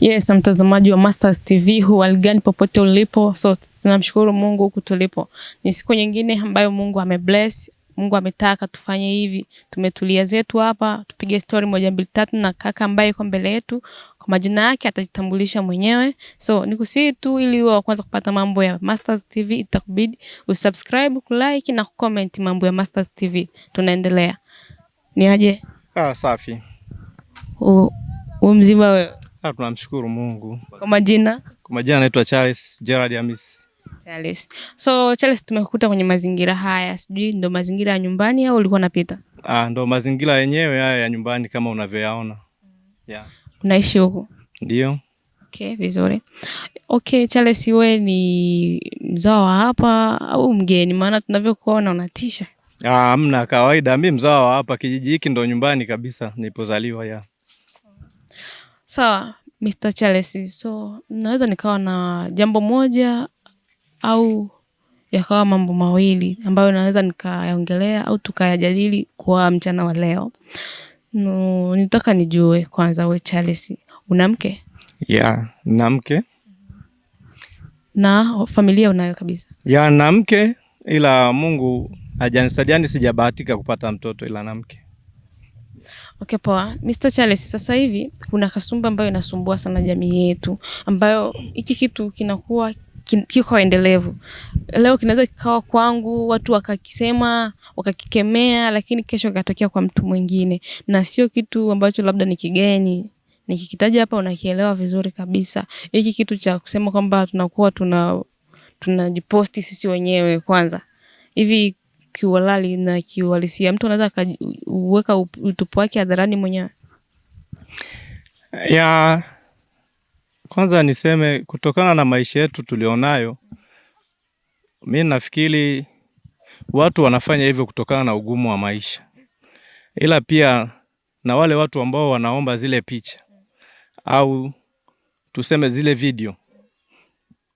Yes, mtazamaji wa Masters TV hu aligani popote ulipo, so tunamshukuru Mungu huku tulipo. Ni siku nyingine ambayo Mungu amebless, Mungu ametaka tufanye hivi. Tumetulia zetu hapa, tupige story moja mbili tatu na kaka ambaye yuko mbele yetu. Kwa majina yake atajitambulisha mwenyewe. So nikusihi tu, ili uwe wa kwanza kupata mambo ya Masters TV, itakubidi usubscribe, kulike na kucomment mambo ya Masters TV. Tunaendelea. Ni aje? Ah, safi. U, u mzima wewe? Tunamshukuru Mungu. Kwa majina? Kwa majina naitwa Charles Gerard Amis. Charles. So Charles, tumekukuta kwenye mazingira haya, sijui ndo mazingira ya nyumbani au ulikuwa unapita? Ah, ndo mazingira yenyewe haya ya nyumbani kama unavyoyaona. Yeah. Unaishi huko? Ndio. Okay, vizuri. Okay, Charles, wewe ni mzao wa hapa au mgeni? Maana tunavyokuona unatisha. Ah, mna kawaida, mi mzao wa hapa, kijiji hiki ndo nyumbani kabisa nilipozaliwa ya. Sawa, Mr. Charles. So naweza nikawa na jambo moja au yakawa mambo mawili ambayo naweza nikayaongelea au tukayajadili kwa mchana wa leo. No, nitaka nijue kwanza, we Charles, una mke? Yeah, na mke na familia unayo kabisa? Yeah, na mke, ila Mungu hajanisajani, sijabahatika kupata mtoto, ila na mke Okay, poa. Mr. Charles, sasa hivi kuna kasumba ambayo inasumbua sana jamii yetu, ambayo hiki kitu kinakuwa kiko endelevu. Leo kinaweza kikawa kwangu, watu wakakisema wakakikemea, lakini kesho katokea kwa mtu mwingine, na sio kitu ambacho labda ni kigeni nikikitaja hapa unakielewa vizuri kabisa. Hiki kitu cha kusema kwamba tunakuwa tuna tunajiposti sisi wenyewe kwanza, hivi kiuhalali na kiuhalisia, mtu anaweza akaweka utupu wake hadharani mwenyewe? ya kwanza niseme kutokana na maisha yetu tulionayo, mi nafikiri watu wanafanya hivyo kutokana na ugumu wa maisha, ila pia na wale watu ambao wanaomba zile picha au tuseme zile video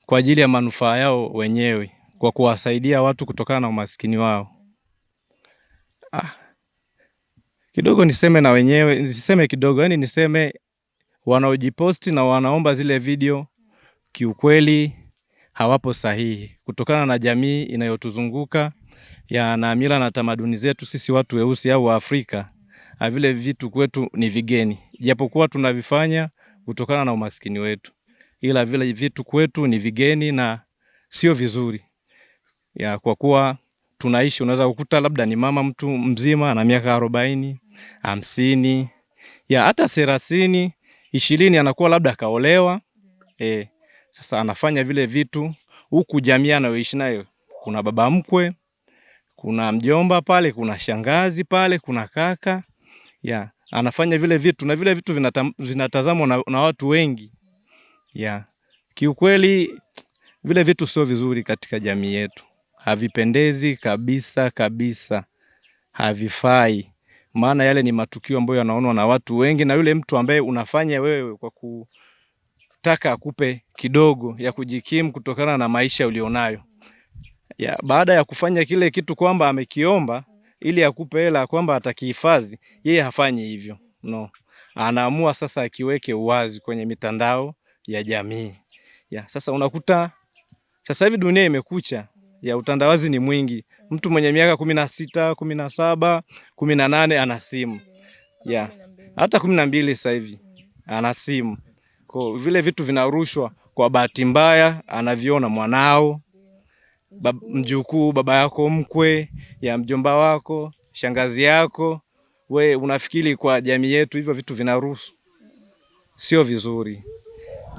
kwa ajili ya manufaa yao wenyewe, kwa kuwasaidia watu kutokana na umaskini wao. Ah, kidogo niseme na wenyewe niseme kidogo, yani niseme wanaojiposti na wanaomba zile video kiukweli hawapo sahihi, kutokana na jamii inayotuzunguka ya na mila na tamaduni zetu sisi watu weusi au Waafrika, vile vitu kwetu ni vigeni, japokuwa tunavifanya kutokana na umaskini wetu, ila vile vitu kwetu ni vigeni na sio vizuri ya kwa kuwa tunaishi, unaweza kukuta labda ni mama mtu mzima ana miaka arobaini, hamsini, ya hata thelathini, ishirini, anakuwa labda kaolewa e, sasa anafanya vile vitu huku jamii anayoishi nayo, kuna baba mkwe, kuna mjomba pale, kuna shangazi pale, kuna kaka ya anafanya vile vitu na vile vitu vinatazamwa na, na watu wengi ya kiukweli, vile vitu sio vizuri katika jamii yetu havipendezi kabisa kabisa, havifai. Maana yale ni matukio ambayo yanaonwa na watu wengi, na yule mtu ambaye unafanya wewe kwa kutaka akupe kidogo ya kujikimu kutokana na maisha ulionayo ya, baada ya kufanya kile kitu kwamba amekiomba ili akupe hela kwamba atakihifadhi, yeye hafanyi hivyo no. Anaamua sasa akiweke uwazi kwenye mitandao ya jamii ya sasa, unakuta sasa hivi dunia imekucha, ya utandawazi ni mwingi. Mtu mwenye miaka kumi na sita, kumi na saba, kumi na nane ana simu yeah. hata kumi na mbili sasa hivi ana simu. Kwa vile vitu vinarushwa kwa bahati mbaya, anaviona mwanao, mjukuu, baba yako mkwe, ya mjomba wako, shangazi yako. We unafikiri kwa jamii yetu hivyo vitu vinaruhusu? Sio vizuri.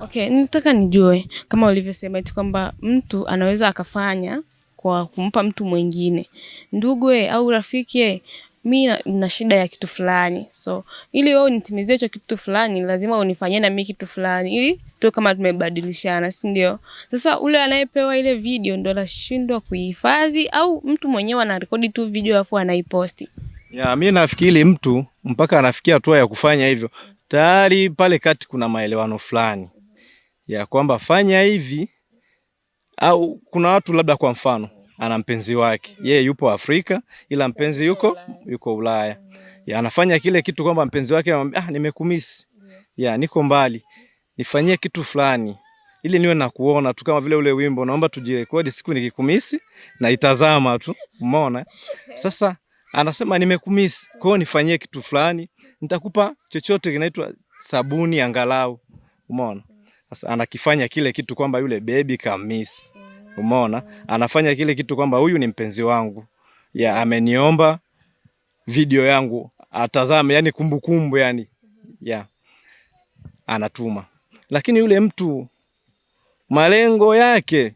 Okay, nitaka nijue kama ulivyosema eti kwamba mtu anaweza akafanya kwa kumpa mtu mwingine, ndugu e, au rafiki e, mi na shida ya kitu fulani, so ili wewe unitimizie hicho kitu fulani, lazima unifanyie na mimi kitu fulani, ili tu kama tumebadilishana, si ndio? Sasa ule anayepewa ile video ndo anashindwa kuihifadhi, au mtu mwenyewe anarekodi tu video afu anaiposti. Ya, mi nafikiri mtu mpaka anafikia hatua ya kufanya hivyo, tayari pale kati kuna maelewano fulani ya kwamba fanya hivi au kuna watu labda kwa mfano ana mpenzi wake yeye yupo Afrika ila mpenzi yuko yuko Ulaya ya, anafanya kile kitu kwamba mpenzi wake anamwambia ah, nimekumisi ya niko mbali, nifanyie kitu fulani ili niwe na kuona tu, kama vile ule wimbo, naomba tujirekodi siku nikikumisi na itazama tu, umeona? Sasa anasema nimekumisi, kwa hiyo nifanyie kitu fulani, nitakupa chochote kinaitwa sabuni angalau, umeona? anakifanya kile kitu kwamba yule baby kamis, umeona, anafanya kile kitu kwamba huyu ni mpenzi wangu ya ameniomba video yangu atazame, yani kumbukumbu, yani ya anatuma, lakini yule mtu malengo yake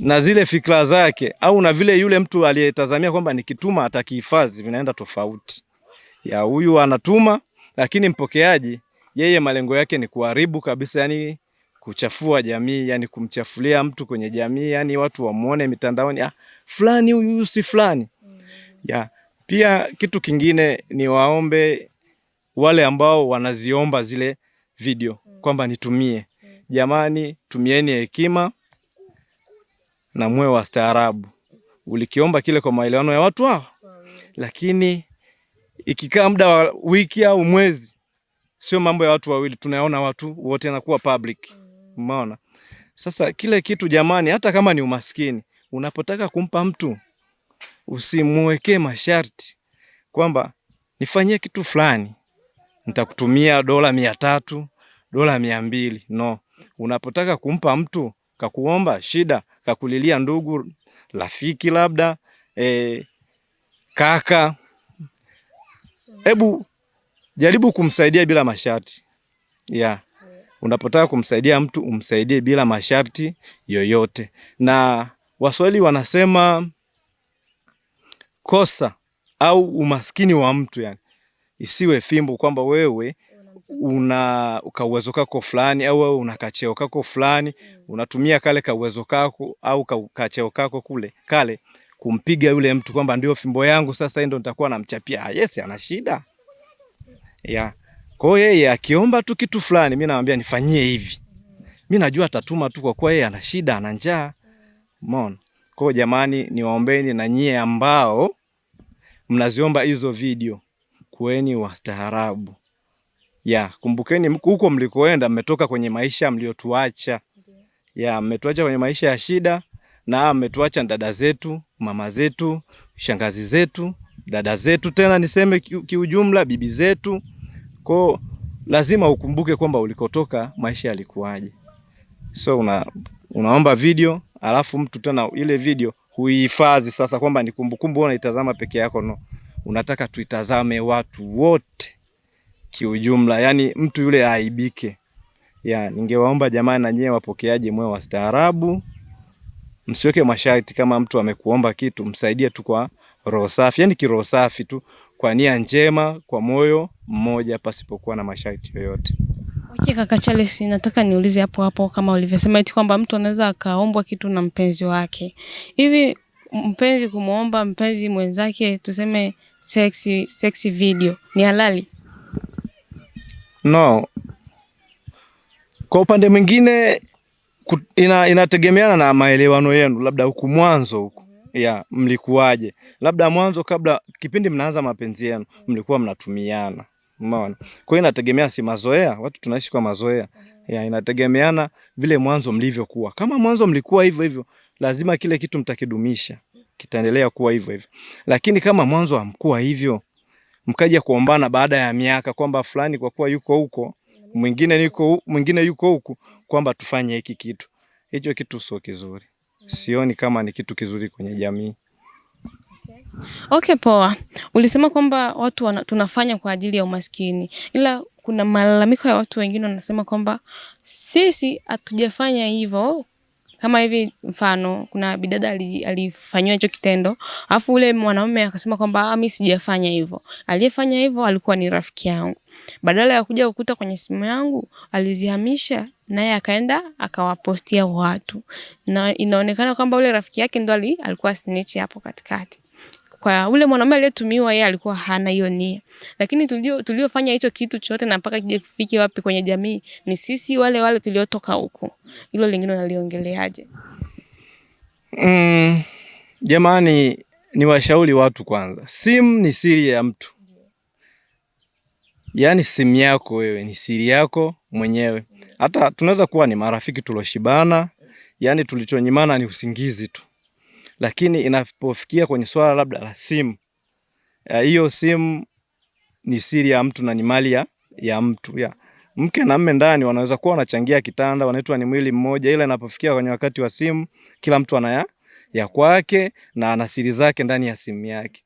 na zile fikra zake au na vile yule mtu aliyetazamia kwamba nikituma atakihifadhi vinaenda tofauti. Ya huyu anatuma, lakini mpokeaji yeye malengo yake ni kuharibu kabisa, yani kuchafua jamii, yani kumchafulia mtu kwenye jamii, yani watu wamuone mitandaoni, ah, fulani huyu si fulani mm. yeah. Pia kitu kingine ni waombe wale ambao wanaziomba zile video mm. kwamba nitumie mm. Jamani, tumieni hekima na mwe wastaarabu. Ulikiomba kile kwa maelewano ya watu hao, mm. lakini ikikaa muda wa wiki au mwezi sio mambo ya watu wawili, tunaona watu wote nakuwa public. Umeona sasa kile kitu jamani, hata kama ni umaskini, unapotaka kumpa mtu usimwekee masharti kwamba nifanyie kitu fulani nitakutumia dola mia tatu dola mia mbili No, unapotaka kumpa mtu kakuomba shida, kakulilia ndugu, rafiki, labda e, kaka, hebu jaribu kumsaidia bila masharti yeah. Unapotaka kumsaidia mtu umsaidie bila masharti yoyote, na Waswahili wanasema kosa au umaskini wa mtu yani isiwe fimbo kwamba wewe una kauwezo kako fulani au wewe una kacheo kako fulani mm. Unatumia kale kauwezo kako au kacheo kako kule kale kumpiga yule mtu kwamba ndio fimbo yangu sasa, ndio nitakuwa namchapia. Ah, yes, ana shida ya kwa hiyo yeye akiomba tu kitu fulani, mimi naambia nifanyie hivi, mimi najua atatuma tu, kwa kuwa yeye ana shida, ana njaa. Umeona? Kwa hiyo jamani, niwaombeni na nyie ambao mnaziomba hizo video, kuweni wastaarabu ya kumbukeni, huko mlikoenda mmetoka kwenye maisha mliotuacha, ya mmetuacha kwenye maisha ya shida, na mmetuacha dada zetu, mama zetu, shangazi zetu, dada zetu, tena niseme kiujumla, bibi zetu Kwao lazima ukumbuke kwamba ulikotoka maisha yalikuwaje. So una, unaomba video alafu mtu tena ile video huihifadhi sasa kwamba ni kumbukumbu unaitazama peke yako no. Unataka tuitazame watu wote kiujumla, yani mtu yule aibike Ya, ningewaomba jamani, na nyewe wapokeaji mwe wastaarabu, msiweke masharti. Kama mtu amekuomba kitu, msaidie tu kwa roho safi, yani kiroho safi tu kwa nia njema, kwa moyo mmoja, pasipokuwa na masharti yoyote. Okay, kaka Charles, nataka niulize hapo hapo kama ulivyosema eti kwamba mtu anaweza akaombwa kitu na mpenzi wake. Hivi mpenzi kumwomba mpenzi mwenzake tuseme sexy, sexy video ni halali? No. Kwa upande mwingine inategemeana na maelewano yenu, labda huku mwanzo huku ya mlikuwaje, labda mwanzo, kabla kipindi mnaanza mapenzi yenu, mm. mlikuwa mnatumiana, umeona. Kwa hiyo inategemea, si mazoea, watu tunaishi kwa mazoea mm. ya, inategemeana vile mwanzo mlivyokuwa. Kama mwanzo mlikuwa hivyo hivyo, lazima kile kitu mtakidumisha, kitaendelea kuwa hivyo hivyo. Lakini kama mwanzo hamkuwa hivyo, mkaja kuombana baada ya miaka kwamba fulani kwa kuwa yuko huko mwingine yuko mwingine yuko huku, kwamba tufanye hiki kitu, hicho kitu sio kizuri sioni kama ni kitu kizuri kwenye jamii. Okay, poa. Ulisema kwamba watu wana, tunafanya kwa ajili ya umaskini, ila kuna malalamiko ya watu wengine wanasema kwamba sisi hatujafanya hivyo kama hivi mfano kuna bidada alifanyiwa hicho kitendo, alafu ule mwanaume akasema kwamba ah, mimi sijafanya hivyo. Aliyefanya hivyo alikuwa ni rafiki yangu, badala ya kuja kukuta kwenye simu yangu alizihamisha, naye akaenda akawapostia watu, na inaonekana kwamba ule rafiki yake ndo alikuwa snitch hapo katikati kwa ule mwanaume aliyetumiwa, yeye alikuwa hana hiyo nia, lakini tulio tuliofanya hicho kitu chote na mpaka kije kufike wapi kwenye jamii ni sisi wale wale tuliotoka huko. Hilo lingine unaliongeleaje? Mm, jamani, ni washauri watu kwanza, simu ni siri ya mtu, yaani simu yako wewe ni siri yako mwenyewe. Hata tunaweza kuwa ni marafiki tuloshibana, yaani tulichonyimana ni usingizi tu lakini inapofikia kwenye swala labda la simu, eh, hiyo simu ni siri ya mtu na ni mali ya, ya mtu ya. Mke na mme ndani wanaweza kuwa wanachangia kitanda, wanaitwa ni mwili mmoja, ila inapofikia kwenye wakati wa simu, kila mtu anaya ya kwake na ana siri zake ndani ya simu yake.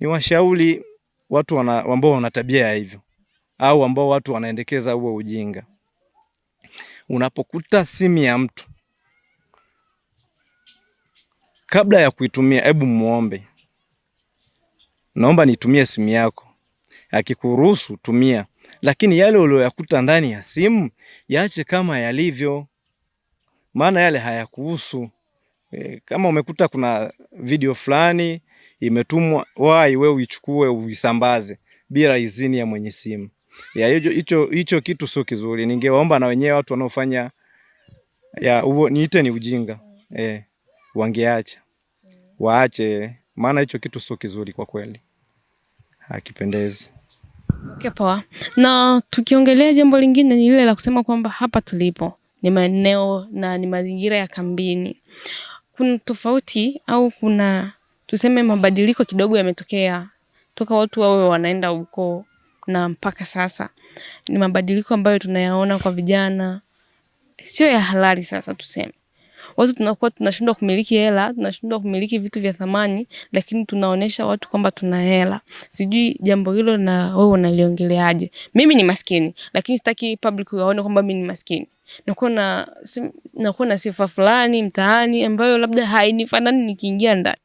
Ni washauri watu wana, ambao wana tabia ya hivyo au ambao watu wanaendekeza huo ujinga. Unapokuta simu ya mtu kabla ya kuitumia, hebu muombe, naomba nitumie simu yako. Akikuruhusu tumia, lakini yale uliyoyakuta ndani ya simu yaache kama yalivyo, maana yale hayakuhusu. E, kama umekuta kuna video fulani imetumwa wai, we uichukue uisambaze bila idhini ya mwenye simu ya hicho hicho kitu sio kizuri. Ningewaomba na wenyewe watu wanaofanya ya huo niite ni ujinga eh wangeacha waache, maana hicho kitu sio kizuri kwa kweli, hakipendezi. Okay, poa. Na tukiongelea jambo lingine ni lile la kusema kwamba hapa tulipo ni maeneo na ni mazingira ya kambini, kuna tofauti au kuna tuseme mabadiliko kidogo yametokea toka watu wawe wanaenda huko na mpaka sasa, ni mabadiliko ambayo tunayaona kwa vijana, sio ya halali. Sasa tuseme watu tunakuwa tunashindwa kumiliki hela, tunashindwa kumiliki vitu vya thamani, lakini tunaonesha watu kwamba tuna hela. Sijui jambo hilo na wewe unaliongeleaje? Mimi ni maskini, lakini sitaki public waone kwamba mimi ni maskini nakuwa na nakuwa na sifa fulani mtaani ambayo labda hainifanani nikiingia ndani.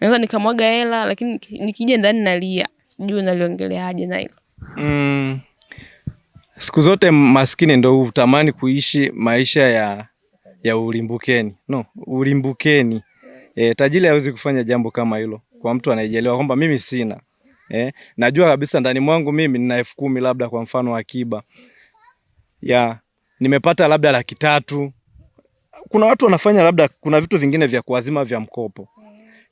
Naweza nikamwaga hela lakini nikija ndani nalia. Sijui unaliongeleaje na hilo. Mm. Siku zote maskini ndo hutamani kuishi maisha ya ya ulimbukeni no, ulimbukeni. E, tajiri hawezi kufanya jambo kama hilo kwa mtu anayejelewa kwamba mimi sina e, najua kabisa ndani mwangu mimi nina elfu kumi labda kwa mfano akiba ya nimepata labda laki tatu. Kuna watu wanafanya labda kuna vitu vingine vya kuazima vya mkopo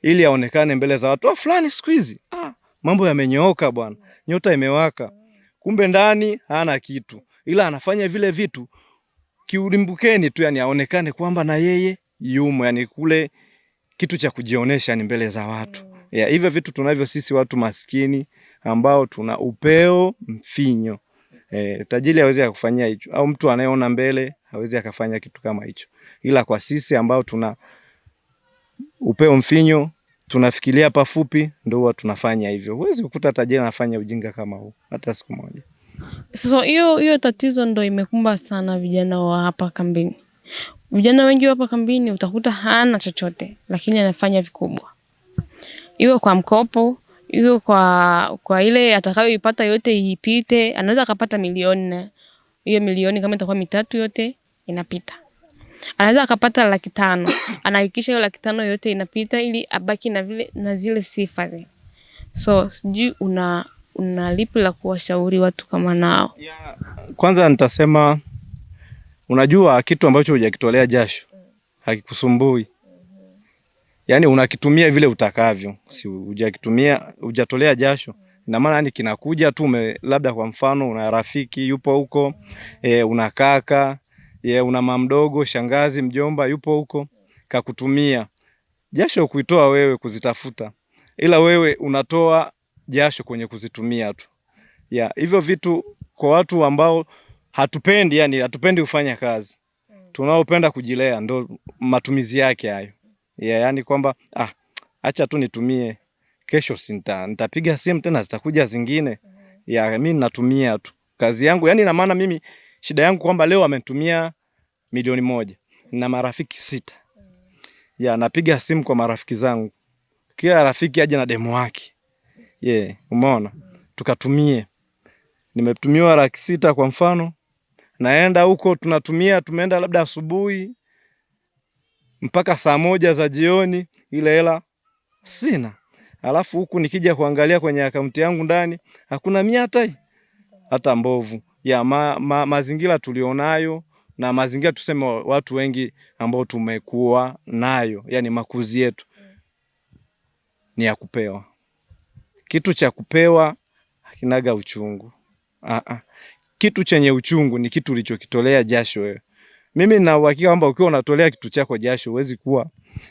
ili aonekane mbele za watu, ah, fulani siku hizi ah, mambo yamenyooka bwana, nyota imewaka, kumbe ndani hana kitu, ila anafanya vile vitu kiulimbukeni tu, yani aonekane kwamba na yeye yumo, yani kule kitu cha kujionesha ni mbele za watu mm. ya hivyo vitu tunavyo sisi watu maskini ambao tuna upeo mfinyo. E, tajiri hawezi akufanyia hicho, au mtu anayeona mbele hawezi akafanya kitu kama hicho, ila kwa sisi ambao tuna upeo mfinyo tunafikiria pafupi, ndo huwa tunafanya hivyo. Huwezi kukuta tajiri anafanya ujinga kama huu hata siku moja. So hiyo hiyo tatizo ndo imekumba sana vijana wa hapa kambini. Vijana wengi wa hapa kambini utakuta hana chochote, lakini anafanya vikubwa, iwe kwa mkopo, iwe kwa kwa ile atakayoipata yote ipite. Anaweza akapata milioni, hiyo milioni kama itakuwa mitatu yote inapita. Anaweza akapata laki tano, anahakikisha hiyo laki tano yote inapita, ili abaki na vile na zile sifa zile. So sijui una una lipi la kuwashauri watu kama nao? Ya, kwanza nitasema unajua kitu ambacho hujakitolea jasho hakikusumbui. Yaani unakitumia vile utakavyo. Si hujakitumia hujatolea jasho. Ina maana yani kinakuja tu ume, labda kwa mfano una rafiki yupo huko, e, una kaka, e, una mama mdogo, shangazi, mjomba yupo huko kakutumia. Jasho kuitoa wewe kuzitafuta. Ila wewe unatoa jasho kwenye kuzitumia tu. ya hivyo vitu kwa watu ambao hatupendi, yani hatupendi kufanya kazi, mm. tunaopenda kujilea, ndo matumizi yake hayo. ya, yani kwamba ah, acha tu nitumie, kesho sinta nitapiga simu tena, zitakuja zingine. Mm. ya, mimi natumia tu kazi yangu, yani na maana mimi shida yangu kwamba leo amenitumia milioni moja na marafiki sita. Mm. ya, napiga simu kwa marafiki zangu, kila rafiki aje na demo yake yeah, umeona tukatumie. Nimetumiwa laki sita kwa mfano, naenda huko tunatumia, tumeenda labda asubuhi mpaka saa moja za jioni, ile hela sina. Alafu huku nikija kuangalia kwenye akaunti yangu ndani hakuna mia hata hata mbovu ya ma, ma, mazingira tulionayo na mazingira tuseme watu wengi ambao tumekuwa nayo, yani makuzi yetu ni ya kupewa. Kitu cha kupewa hakinaga uchungu. Aa, kitu chenye uchungu ni kitu ulichokitolea jasho wewe. Mimi na uhakika kwamba ukiwa unatolea kitu chako jasho huwezi kuwa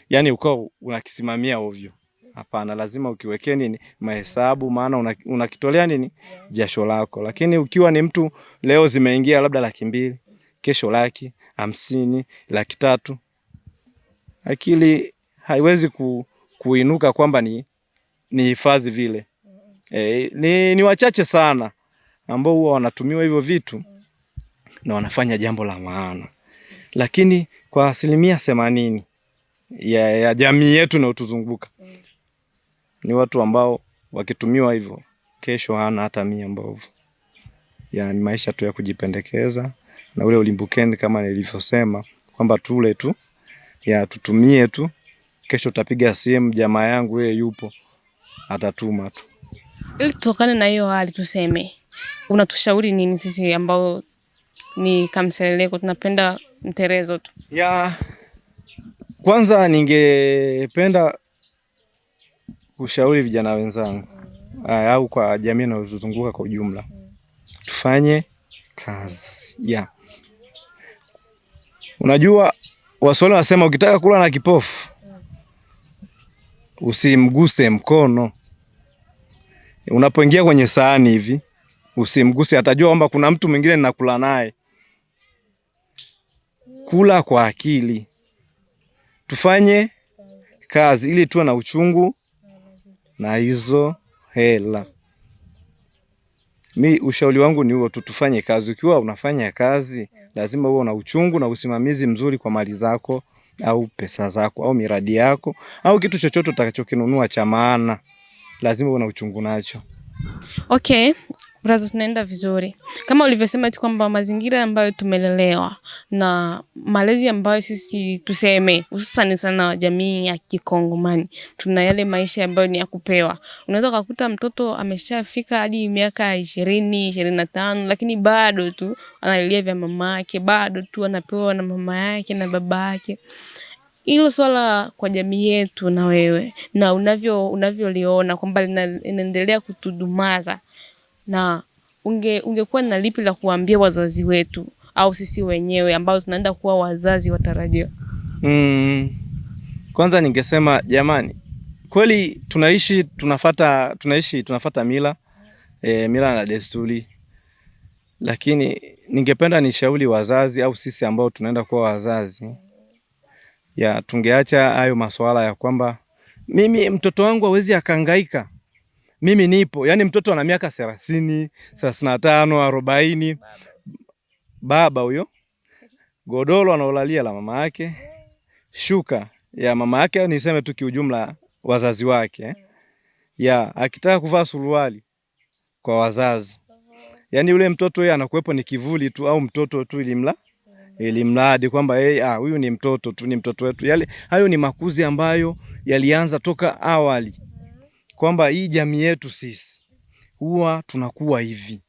yani ukao unakisimamia ovyo. Hapana, lazima ukiwekee nini mahesabu, maana unakitolea una nini jasho lako. Lakini ukiwa ni mtu leo zimeingia labda laki mbili, kesho laki hamsini, laki tatu, akili haiwezi ku, kuinuka kwamba ni ni hifadhi vile. E, ni, ni wachache sana ambao huwa wanatumiwa hivyo vitu na wanafanya jambo la maana, lakini kwa asilimia themanini ya, ya jamii yetu utuzunguka ni watu ambao wakitumiwa hivyo, kesho hana hata mia mbovu. Yani maisha tu ya kujipendekeza na ule ulimbukeni, kama nilivyosema kwamba tule tu ya tutumie tu, kesho utapiga simu, jamaa yangu yeye yupo, atatuma tu. Ili tutokane na hiyo hali, tuseme unatushauri nini sisi ambao ni kamseleleko tunapenda mterezo tu ya kwanza? Ningependa kushauri vijana wenzangu eh, au kwa jamii inayozunguka kwa ujumla, tufanye kazi ya unajua, Waswahili wanasema ukitaka kula na kipofu usimguse mkono. Unapoingia kwenye sahani hivi usimguse, atajua kwamba kuna mtu mwingine ninakula naye. Kula kwa akili, tufanye kazi ili tuwe na uchungu na hizo hela. Mi ushauri wangu ni huo tu, tufanye kazi. Ukiwa unafanya kazi, lazima uwe na uchungu na usimamizi mzuri kwa mali zako au pesa zako au miradi yako au kitu chochote utakachokinunua cha maana lazima uwe na uchungu nacho. Okay. Braza, tunaenda vizuri kama ulivyosema tu kwamba mazingira ambayo tumelelewa na malezi ambayo sisi tuseme, hususani sana jamii ya Kikongomani, tuna yale maisha ambayo ni ya kupewa. Unaweza ukakuta mtoto ameshafika hadi miaka ishirini ishirini na tano lakini bado tu analilia vya mama yake, bado tu anapewa na mama yake na baba yake hilo swala kwa jamii yetu na wewe na unavyo unavyoliona kwamba linaendelea kutudumaza, na unge ungekuwa na lipi la kuambia wazazi wetu au sisi wenyewe ambao tunaenda kuwa wazazi watarajiwa? Mm, kwanza ningesema jamani, kweli tunaishi tunafata tunaishi tunafata mila e, mila na desturi, lakini ningependa nishauri wazazi au sisi ambao tunaenda kuwa wazazi ya tungeacha hayo masuala ya kwamba mimi mtoto wangu hawezi akahangaika, mimi nipo. yani mtoto ana miaka thelathini, thelathini na tano, arobaini, baba huyo godoro anaolalia la mama yake, shuka ya mama yake, niseme tu kiujumla wazazi wake eh. ya akitaka kuvaa suruali kwa wazazi, yani yule mtoto yeye anakuwepo ni kivuli tu au mtoto tu ilimla ili mradi kwamba ah, huyu hey, ni mtoto tu, ni mtoto wetu. Yale hayo ni makuzi ambayo yalianza toka awali kwamba hii jamii yetu sisi huwa tunakuwa hivi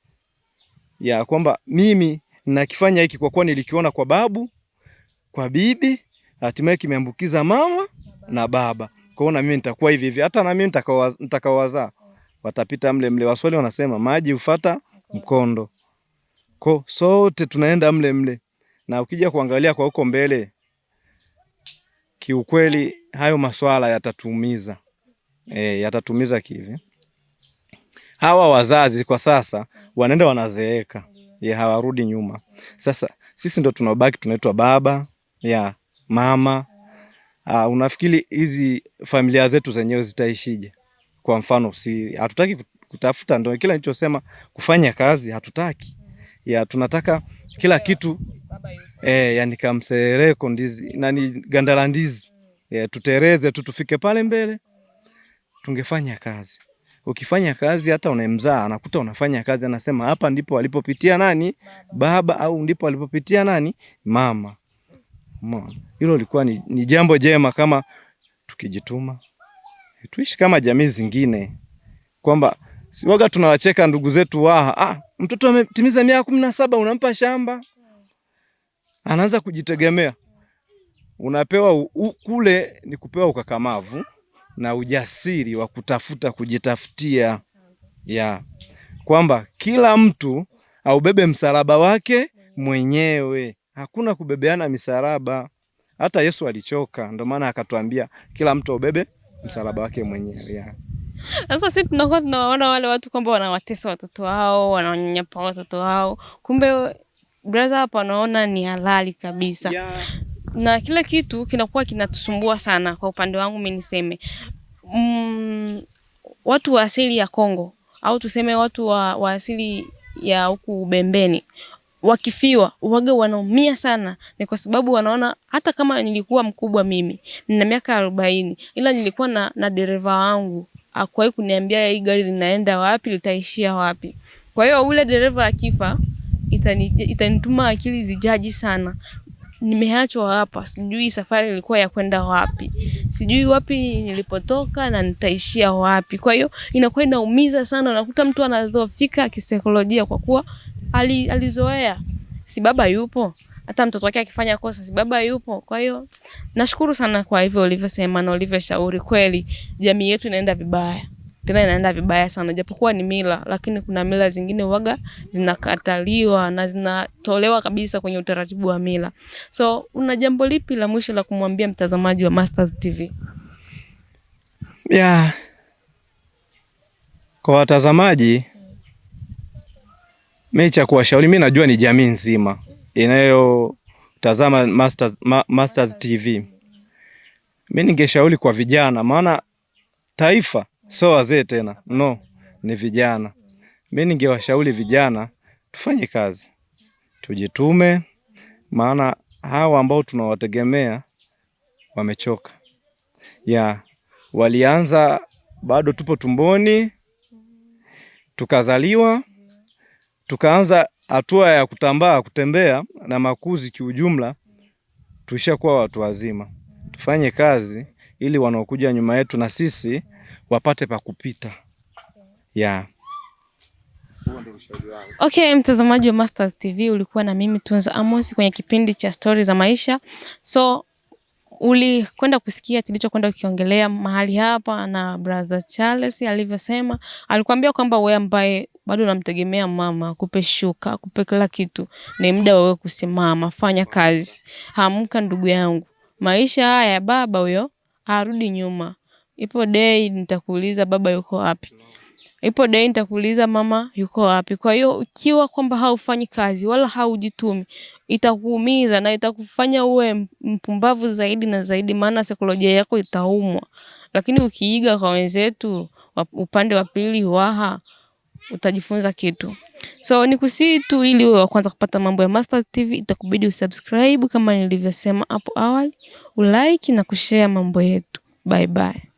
ya kwamba mimi nakifanya hiki kwa kuwa nilikiona kwa babu, kwa bibi, hatimaye kimeambukiza mama na baba, kwa hiyo na mimi nitakuwa hivi hivi, hata na mimi nitakawazaa watapita mle mle. Waswali wanasema maji hufata mkondo, kwa sote tunaenda mle mle na ukija kuangalia kwa huko mbele, kiukweli hayo maswala yatatumiza e, yatatumiza kivi. Hawa wazazi kwa sasa wanaenda wanazeeka, ya hawarudi nyuma. Sasa sisi ndo tunabaki tunaitwa baba ya mama. Aa, unafikiri hizi familia zetu zenyewe zitaishije? Kwa mfano si hatutaki kutafuta, ndo kila nilichosema, kufanya kazi hatutaki, ya tunataka kila kitu eh, yani kamsereko ndizi nani ganda la ndizi yeah, tutereze tu tufike pale mbele, tungefanya kazi. Ukifanya kazi hata unamzaa anakuta unafanya kazi, anasema hapa ndipo alipopitia nani baba au ndipo alipopitia nani mama. Hilo likuwa ni, ni jambo jema kama tukijituma tuishi kama jamii zingine kwamba siwaga tunawacheka ndugu zetu Waha. Ah, mtoto ametimiza miaka kumi na saba unampa shamba anaanza kujitegemea. Unapewa u, kule ni kupewa ukakamavu na ujasiri wa kutafuta kujitafutia, ya kwamba kila mtu aubebe msalaba wake mwenyewe, hakuna kubebeana misalaba. Hata Yesu alichoka, ndio maana akatuambia kila mtu aubebe msalaba wake mwenyewe ya. Sasa sisi tunakuwa tunawaona wale watu kwamba wanawatesa watoto wao, wanawanyanyapa watoto wao, kumbe braza hapa anaona ni halali kabisa yeah. Na kila kitu kinakuwa kinatusumbua sana. Kwa upande wangu mi niseme mm, watu wa asili ya Kongo au tuseme watu wa, wa asili ya huku bembeni wakifiwa uwaga wanaumia sana. Ni kwa sababu wanaona hata kama nilikuwa mkubwa mimi nina miaka arobaini, ila nilikuwa na, na dereva wangu hakuwahi kuniambia hii gari linaenda wapi, litaishia wapi. Kwa hiyo ule dereva akifa itanituma akili zijaji sana. Nimeachwa hapa, sijui safari ilikuwa ya kwenda wapi, sijui wapi nilipotoka na nitaishia wapi. Kwa hiyo inakuwa inaumiza sana, unakuta mtu anazofika kisaikolojia kwa kuwa alizoea, si baba yupo hata mtoto wake akifanya kosa, si baba yupo? Kwa hiyo nashukuru sana kwa hivyo ulivyosema na ulivyoshauri. Kweli jamii yetu inaenda vibaya, tena inaenda vibaya sana, japokuwa ni mila, lakini kuna mila zingine waga zinakataliwa na zinatolewa kabisa kwenye utaratibu wa mila. So una jambo lipi la mwisho la kumwambia mtazamaji wa Mastaz TV? Yeah. Kwa watazamaji, mi cha kuwashauri, mi najua ni jamii nzima inayotazama Masters, ma, Masters TV. Mi ningeshauri kwa vijana, maana taifa sio wazee tena, no, ni vijana. Mi ningewashauri vijana tufanye kazi, tujitume, maana hawa ambao tunawategemea wamechoka ya walianza bado tupo tumboni, tukazaliwa tukaanza hatua ya kutambaa, kutembea na makuzi kiujumla, tulishakuwa watu wazima. Tufanye kazi ili wanaokuja nyuma yetu na sisi wapate pa kupita yeah. Okay, mtazamaji wa Mastaz TV ulikuwa na mimi Tunza Amos kwenye kipindi cha stori za maisha so ulikwenda kusikia tulichokwenda kukiongelea mahali hapa na brother Charles alivyosema, alikwambia kwamba wewe ambaye bado unamtegemea mama kupe shuka kupe kila kitu, ni muda wewe kusimama, fanya kazi, hamka ndugu yangu. Maisha haya baba huyo arudi nyuma, ipo dei nitakuuliza baba yuko wapi ipo dai nitakuuliza mama yuko wapi. Kwa hiyo ukiwa kwamba haufanyi kazi wala haujitumi, itakuumiza na itakufanya uwe mpumbavu zaidi na zaidi, maana saikolojia yako itaumwa. Lakini ukiiga kwa wenzetu upande wa pili waha, utajifunza kitu. So ni kusii tu, ili uwe wa kwanza kupata mambo ya Mastaz TV itakubidi usubscribe kama nilivyosema hapo awali, ulike na kushare mambo yetu. Bye bye.